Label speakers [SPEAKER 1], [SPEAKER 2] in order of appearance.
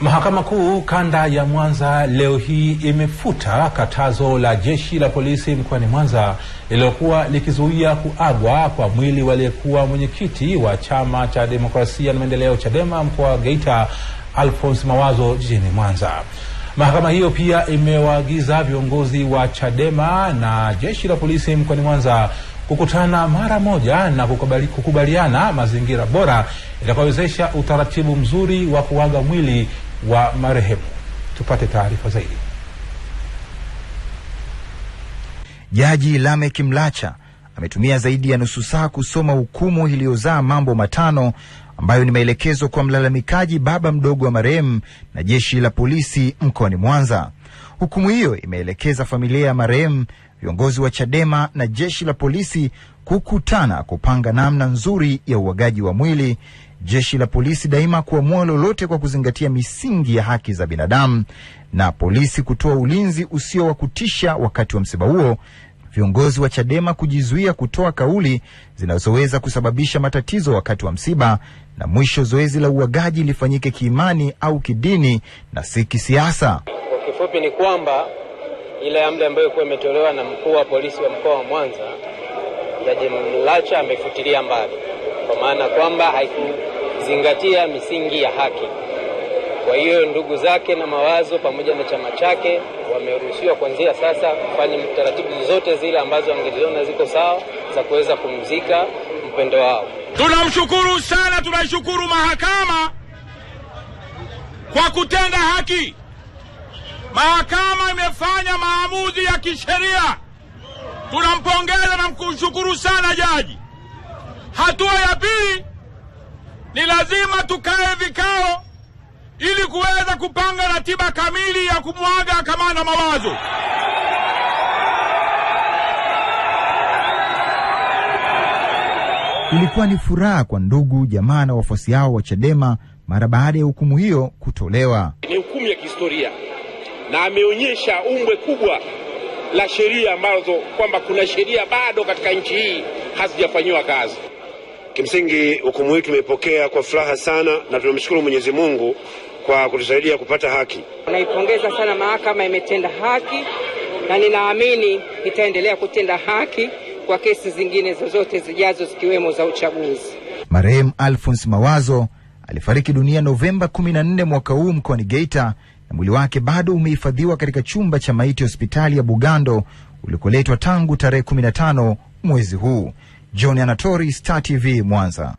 [SPEAKER 1] Mahakama Kuu kanda ya Mwanza leo hii imefuta katazo la jeshi la polisi mkoani Mwanza lililokuwa likizuia kuagwa kwa mwili waliyekuwa mwenyekiti wa chama cha demokrasia na maendeleo CHADEMA mkoa wa Geita, Alphonce Mawazo jijini Mwanza. Mahakama hiyo pia imewaagiza viongozi wa CHADEMA na jeshi la polisi mkoani Mwanza kukutana mara moja na kukubali, kukubaliana mazingira bora itakawezesha utaratibu mzuri wa kuaga mwili wa marehemu tupate taarifa zaidi. Jaji Lamek Mlacha ametumia zaidi ya nusu saa kusoma hukumu iliyozaa mambo matano ambayo ni maelekezo kwa mlalamikaji, baba mdogo wa marehemu na jeshi la polisi mkoani Mwanza. Hukumu hiyo imeelekeza familia ya marehemu, viongozi wa Chadema na jeshi la polisi kukutana kupanga namna nzuri ya uwagaji wa mwili, jeshi la polisi daima kuamua lolote kwa kuzingatia misingi ya haki za binadamu, na polisi kutoa ulinzi usio wa kutisha wakati wa msiba huo, viongozi wa Chadema kujizuia kutoa kauli zinazoweza kusababisha matatizo wakati wa msiba, na mwisho zoezi la uwagaji lifanyike kiimani au kidini na si kisiasa.
[SPEAKER 2] Kwa kifupi ni kwamba ile amri ambayo ilikuwa imetolewa na mkuu wa polisi wa mkoa wa Mwanza mtendaji Mlacha amefutilia mbali, kwa maana kwamba haikuzingatia misingi ya haki. Kwa hiyo ndugu zake na mawazo pamoja na chama chake wameruhusiwa kuanzia sasa kufanya taratibu zote zile ambazo angeziona ziko sawa za kuweza kumzika mpendo wao.
[SPEAKER 3] Tunamshukuru sana, tunaishukuru mahakama kwa kutenda haki. Mahakama imefanya maamuzi ya kisheria. Tunampongeza na mkumshukuru sana jaji. Hatua ya pili ni lazima tukae vikao ili kuweza kupanga ratiba kamili ya kumwaga kamanda Mawazo.
[SPEAKER 1] Ilikuwa ni furaha kwa ndugu jamaa na wafuasi hao wa Chadema mara baada ya hukumu hiyo kutolewa.
[SPEAKER 4] Ni hukumu ya kihistoria na ameonyesha umbwe kubwa la sheria ambazo kwamba kuna sheria bado katika nchi hii hazijafanyiwa kazi.
[SPEAKER 5] Kimsingi hukumu hii tumeipokea kwa furaha sana na tunamshukuru Mwenyezi Mungu kwa kutusaidia kupata haki.
[SPEAKER 6] Naipongeza sana mahakama, imetenda haki na ninaamini itaendelea kutenda haki kwa kesi zingine zozote zijazo zikiwemo za uchaguzi.
[SPEAKER 1] Marehemu Alphonse Mawazo alifariki dunia Novemba 14 mwaka huu mkoani Geita na mwili wake bado umehifadhiwa katika chumba cha maiti hospitali ya Bugando ulikoletwa tangu tarehe 15 mwezi huu. John Anatori, Star TV, Mwanza.